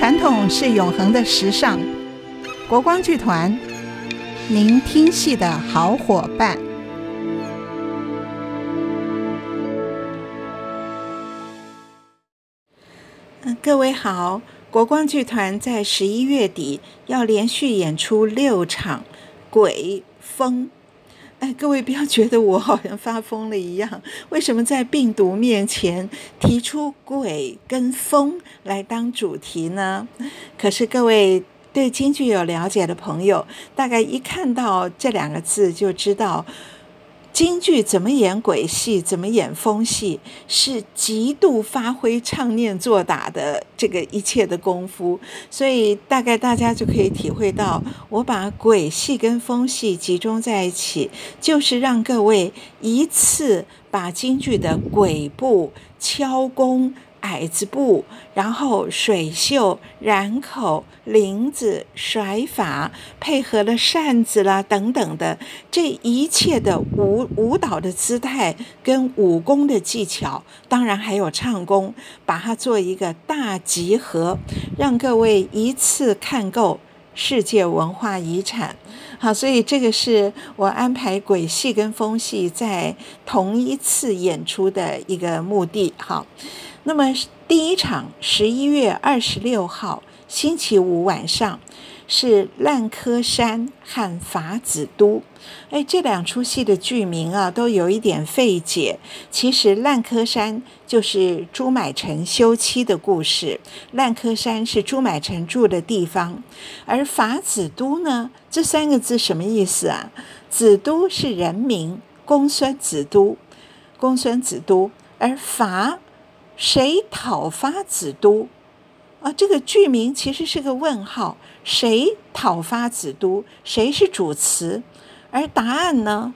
傳統是永恆的時尚，國光劇團，您聽戲的好夥伴。嗯，各位好，國光劇團在十一月底要連續演出六場《鬼‧瘋》。哎，各位不要覺得我好像發瘋了一樣。為什麼在病毒面前提出鬼跟瘋來當主題呢？可是各位對京劇有了解的朋友，大概一看到這兩個字就知道。京劇怎麼演鬼戲、怎麼演瘋戲，是極度發揮唱念做打的這個一切的功夫，所以大概大家就可以體會到，我把鬼戲跟瘋戲集中在一起，就是讓各位一次把京劇的鬼步、蹺功、矮子步，然後水袖、髯口、翎子、甩髮，配合了扇子啦等等的，這一切的舞舞蹈的姿態跟武功的技巧，當然還有唱功，把它做一個大集合，讓各位一次看夠世界文化遺產。好，所以這個是我安排鬼戲跟瘋戲在同一次演出的一個目的。好。那麼第一場十一月二十六號星期五晚上是《爛柯山》和《伐子都》。哎，這兩齣戲的劇名啊，都有一點費解。其實，《爛柯山》就是朱買臣休妻的故事，《爛柯山》是朱買臣住的地方。而《伐子都》呢，這三個字什麼意思啊？“子都”是人名，公孫子都，公孫子都。而“伐。誰討伐子都？啊，這個劇名其實是個問號。誰討伐子都？誰是主詞？而答案呢，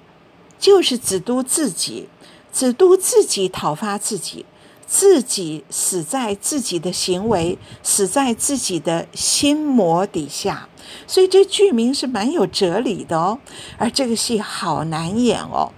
就是子都自己。子都自己討伐自己，自己死在自己的行為，死在自己的心魔底下。所以這劇名是蠻有哲理的哦。而這個戲好難演哦。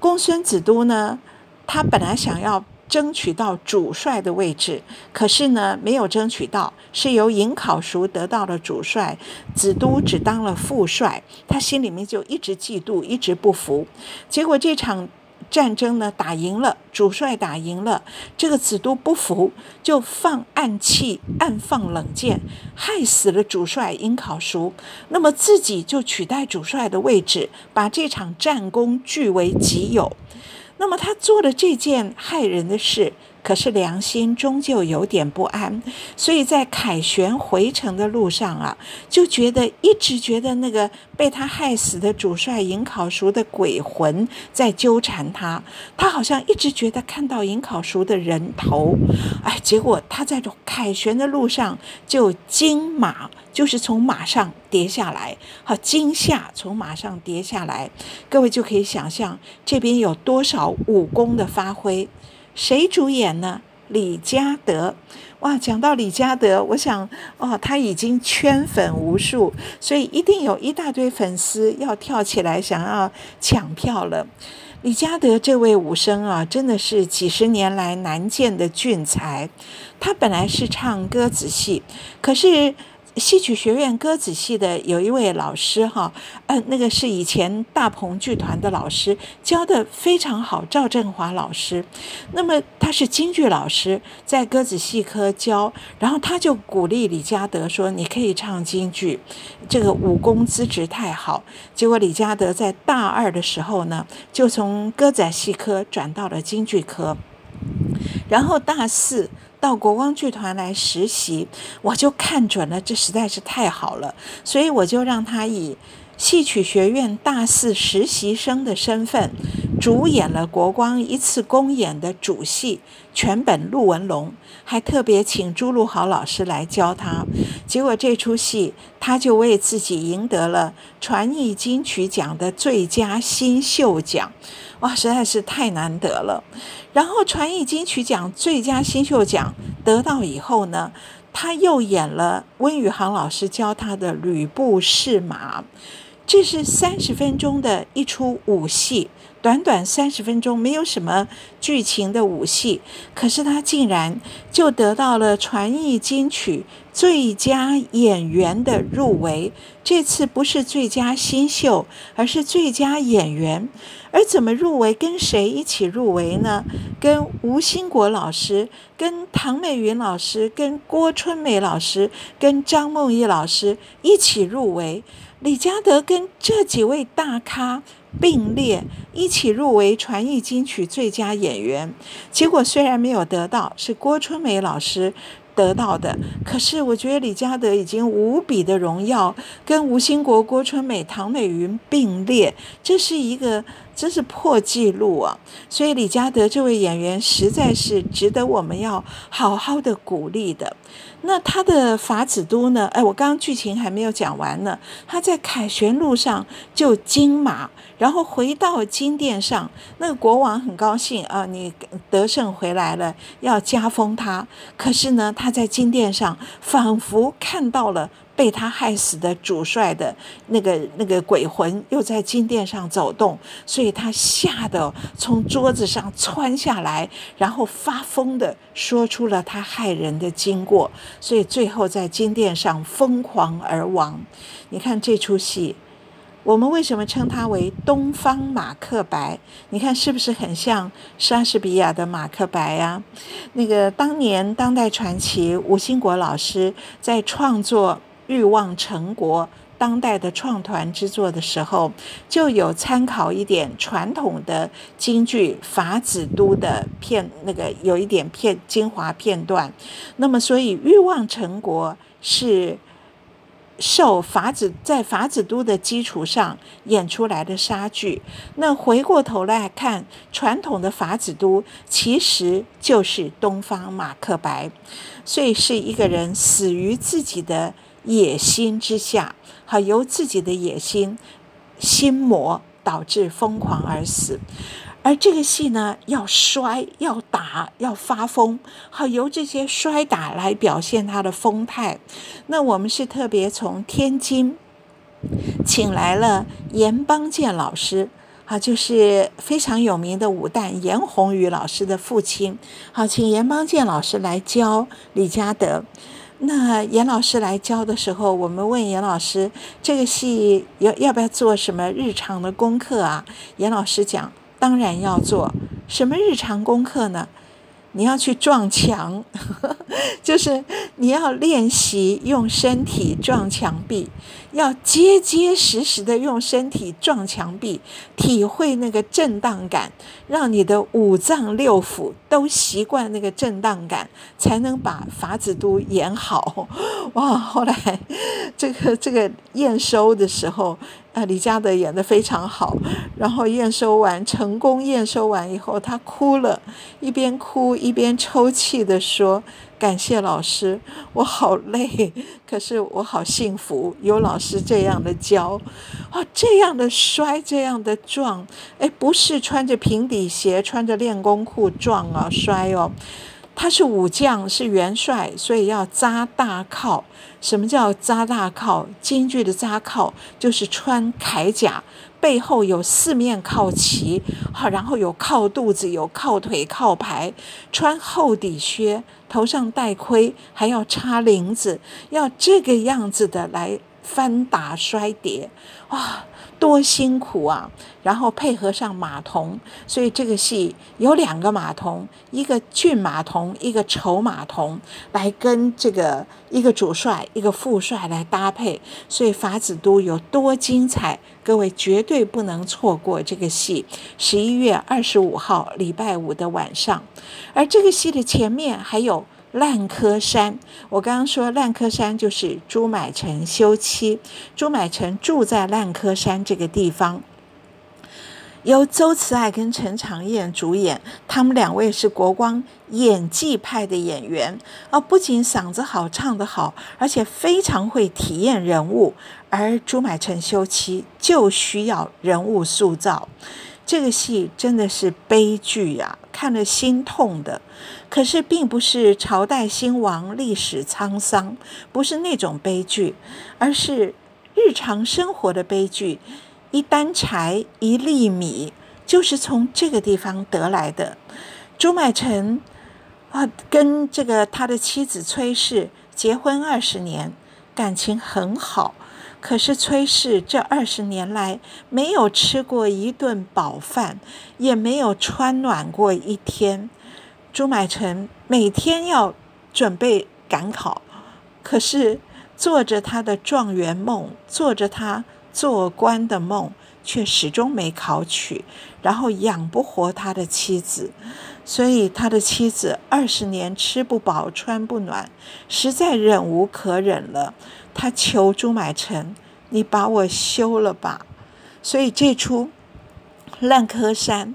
公孫子都呢，他本來想要。爭取到主帥的位置，可是呢，沒有爭取到，是由尹考叔得到了主帥，子都只當了副帥，他心裡面就一直嫉妒，一直不服。結果這場戰爭呢，打贏了，主帥打贏了，這個子都不服，就放暗器，暗放冷箭，害死了主帥尹考叔，那麼自己就取代主帥的位置，把這場戰功據為己有。那麼他做了這件害人的事，可是良心終究有點不安，所以在凱旋回城的路上啊，就覺得一直覺得那個被他害死的主帥潁考叔的鬼魂在糾纏他，他好像一直覺得看到潁考叔的人頭，哎，結果他在凱旋的路上就驚馬，就是從馬上跌下來，好、啊、驚嚇，從馬上跌下來，各位就可以想象這邊有多少武功的發揮。誰主演呢？李家德，哇，講到李家德，我想哦，他已經圈粉無數，所以一定有一大堆粉絲要跳起來想要搶票了。李家德這位武生啊，真的是幾十年來難見的俊才。他本來是唱歌仔戲，可是。戲曲學院歌仔戲的有一位老師哈，嗯、呃，那個是以前大鵬劇團的老師教得非常好，趙振華老師。那麼他是京劇老師，在歌仔戲科教，然後他就鼓勵李嘉德說：“你可以唱京劇，這個武功資質太好。”結果李嘉德在大二的時候呢，就從歌仔戲科轉到了京劇科，然後大四。到國光劇團來實習，我就看準了，這實在是太好了，所以我就讓他以戲曲學院大四實習生的身份，主演了國光一次公演的主戲全本陸文龍，還特別請朱陸豪老師來教他。結果這出戲，他就為自己贏得了傳藝金曲獎的最佳新秀獎。哇，實在是太難得了。然後傳藝金曲獎最佳新秀獎得到以後呢，他又演了溫宇航老師教他的呂布試馬。這是三十分鐘的一出武戲，短短三十分鐘，沒有什麼劇情的武戲，可是他竟然就得到了傳藝金曲最佳演員的入圍。這次不是最佳新秀，而是最佳演員。而怎麼入圍？跟誰一起入圍呢？跟吳興國老師、跟唐美雲老師、跟郭春美老師、跟張夢怡老師一起入圍。李嘉德跟這幾位大咖並列，一起入圍傳藝金曲最佳演員。結果雖然沒有得到，是郭春美老師得到的。可是我覺得李嘉德已經無比的榮耀，跟吳興國、郭春美、唐美雲並列，這是一個。真是破紀錄啊！所以李家德這位演員實在是值得我們要好好的鼓勵的。那他的伐子都呢？哎，我剛剛劇情還沒有講完呢。他在凱旋路上就金馬，然後回到金殿上，那個國王很高興啊，你得勝回來了，要加封他。可是呢，他在金殿上仿佛看到了。被他害死的主帥的那個那個鬼魂又在金殿上走動，所以他嚇得從桌子上竄下來，然後發瘋地說出了他害人的經過，所以最後在金殿上瘋狂而亡。你看這出戲，我們為什麼稱它為東方馬克白？你看是不是很像莎士比亞的馬克白啊？那個當年當代傳奇吳興國老師在創作。《欲望城國》當代的創團之作的時候，就有參考一點傳統的京劇《伐子都》的片，那個有一點片精華片段。那麼，所以《欲望城國》是受法子在伐子都的基礎上演出來的莎劇。那回過頭來看，傳統的伐子都其實就是東方馬克白，所以是一個人死於自己的。野心之下，好由自己的野心、心魔導致瘋狂而死。而這個戲呢，要摔，要打，要發瘋，好由這些摔打來表現他的瘋態。那我們是特別從天津請來了閻邦建老師，好，就是非常有名的武旦閻紅宇老師的父親，好，請閻邦建老師來教李嘉德。那嚴老師來教的時候，我們問嚴老師：“這個戲要要不要做什麼日常的功課啊？”嚴老師講：“當然要做。什麼日常功課呢？你要去撞牆， 就是你要練習用身體撞牆壁。”要結結實實地用身體撞牆壁，體會那個震盪感，讓你的五臟六腑都習慣那個震盪感，才能把伐子都演好。哇，後來這個這個驗收的時候，啊，李嘉德演得非常好，然後驗收完，成功驗收完以後，他哭了，一邊哭一邊抽泣的說。感謝老師，我好累，可是我好幸福，有老師這樣的教。啊、哦，這樣的摔，這樣的撞，哎，不是穿着平底鞋，穿着練功褲撞啊，摔哦。他是武將，是元帥，所以要紮大靠。什麼叫紮大靠？京劇的紮靠就是穿鎧甲，背後有四面靠旗，然後有靠肚子，有靠腿，靠牌，穿厚底靴，頭上戴盔，還要插翎子，要這個樣子的來翻打摔跌，哇、哦！多辛苦啊！然後配合上馬童，所以這個戲有兩個馬童，一個俊馬童，一個丑馬童，來跟這個一個主帥，一個副帥來搭配。所以伐子都有多精彩，各位絕對不能錯過這個戲。十一月二十五號，禮拜五的晚上，而這個戲的前面還有。爛柯山，我剛剛說爛柯山就是朱買臣休妻。朱買臣住在爛柯山這個地方，由周慈愛跟陳長燕主演，他們兩位是國光演技派的演員，啊，不僅嗓子好，唱得好，而且非常會體驗人物。而朱買臣休妻就需要人物塑造。這個戲真的是悲劇呀、啊，看了心痛的。可是並不是朝代興亡，歷史滄桑，不是那種悲劇，而是日常生活的悲劇。一擔柴，一粒米，就是從這個地方得來的。朱買臣啊，跟這個他的妻子崔氏結婚二十年，感情很好。可是崔氏這二十年來沒有吃過一頓飽飯，也沒有穿暖過一天。朱買臣每天要準備趕考，可是做着他的狀元夢，做着他做官的夢。卻始終沒考取，然後養不活他的妻子，所以他的妻子二十年吃不飽穿不暖，實在忍無可忍了，他求朱買臣：“你把我休了吧。”所以這出《爛柯山》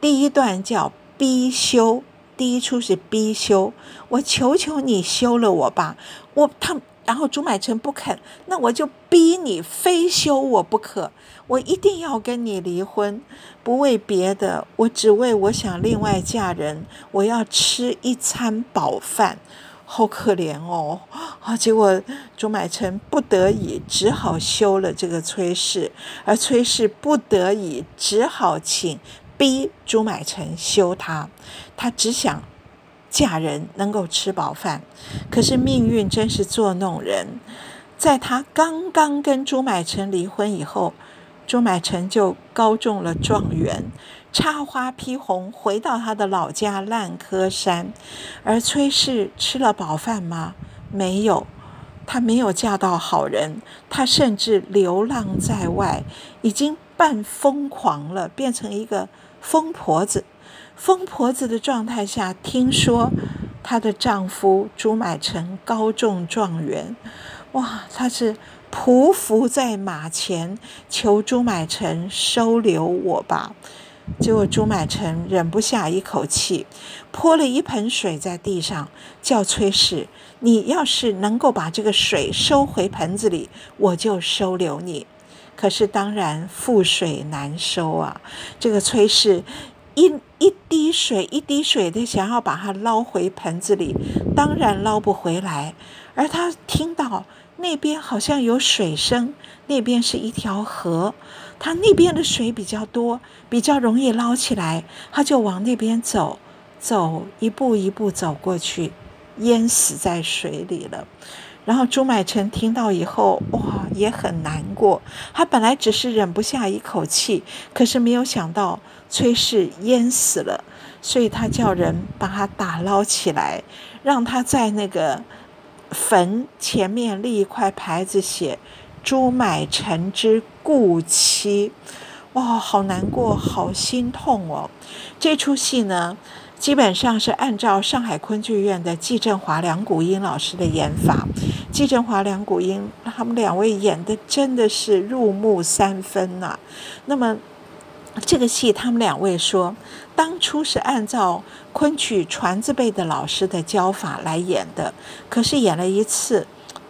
第一段叫逼休，第一出是逼休。我求求你休了我吧，我他。然後朱買臣不肯，那我就逼你非休我不可，我一定要跟你離婚，不為別的，我只為我想另外嫁人，我要吃一餐飽飯，好可憐哦！哦，結果朱買臣不得已只好休了這個崔氏，而崔氏不得已只好請逼朱買臣休她，她只想。嫁人能夠吃飽飯，可是命運真是作弄人。在她剛剛跟朱買臣離婚以後，朱買臣就高中了狀元，插花披紅回到他的老家爛柯山。而崔氏吃了飽飯嗎？沒有，她沒有嫁到好人，她甚至流浪在外，已經半瘋狂了，變成一個瘋婆子。瘋婆子的狀態下，聽說她的丈夫朱買臣高中狀元，哇，她是匍匐在馬前求朱買臣收留我吧。結果朱買臣忍不下一口氣，潑了一盆水在地上，叫崔氏：“你要是能夠把這個水收回盆子裡，我就收留你。”可是當然覆水難收啊，這個崔氏一。一滴水，一滴水的想要把它撈回盆子裡，當然撈不回來。而他聽到那邊好像有水聲，那邊是一條河，他那邊的水比較多，比較容易撈起來，他就往那邊走，走一步一步走過去，淹死在水裡了。然後朱買臣聽到以後，哇，也很難過。他本來只是忍不下一口氣，可是沒有想到崔氏淹死了，所以他叫人把他打撈起來，讓他在那個墳前面立一塊牌子，寫“朱買臣之故妻”。哇，好難過，好心痛哦。這出戲呢，基本上是按照上海崑劇院的計鎮華、梁谷音老師的演法，計鎮華、梁谷音他們兩位演的真的是入木三分吶、啊。那麼，這個戲他們兩位說，當初是按照崑曲傳字輩的老師的教法來演的，可是演了一次。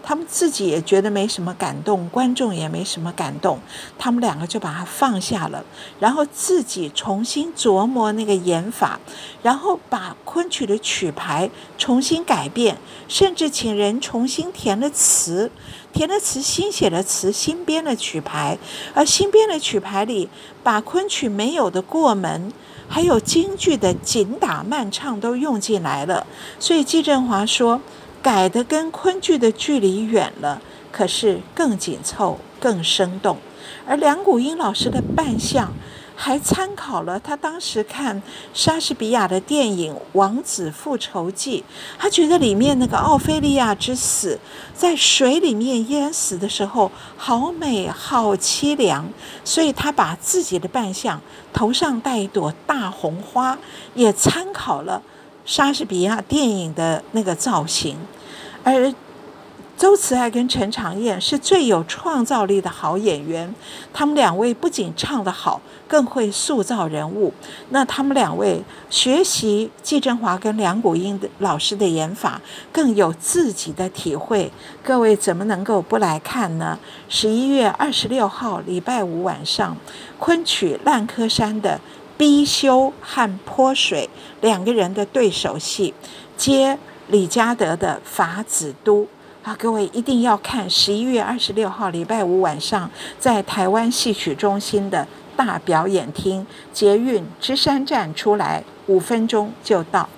他們自己也覺得沒什麼感動，觀眾也沒什麼感動，他們兩個就把它放下了，然後自己重新琢磨那個演法，然後把昆曲的曲牌重新改變，甚至請人重新填了詞，填了詞，新寫的詞，新編的曲牌，而新編的曲牌裡把昆曲沒有的過門，還有京劇的緊打慢唱都用進來了，所以計鎮華說。改得跟崑劇的距離遠了，可是更緊湊、更生動。而梁谷音老師的扮相還參考了他當時看莎士比亞的電影《王子復仇記》，他覺得裡面那個奧菲利亞之死，在水裡面淹死的時候好美、好淒涼，所以他把自己的扮相頭上戴一朵大紅花，也參考了莎士比亞電影的那個造型。而周慈愛跟陳長燕是最有創造力的好演員，他們兩位不僅唱得好，更會塑造人物。那他們兩位學習計鎮華跟梁谷音的老師的演法，更有自己的體會。各位怎麼能夠不來看呢？十一月二十六號禮拜五晚上，昆曲《爛柯山》的《逼休》和潑水兩個人的對手戲，接。李家德的《伐子都》啊，各位一定要看！十一月二十六號禮拜五晚上，在台灣戲曲中心的大表演廳，捷運芝山站出來五分鐘就到。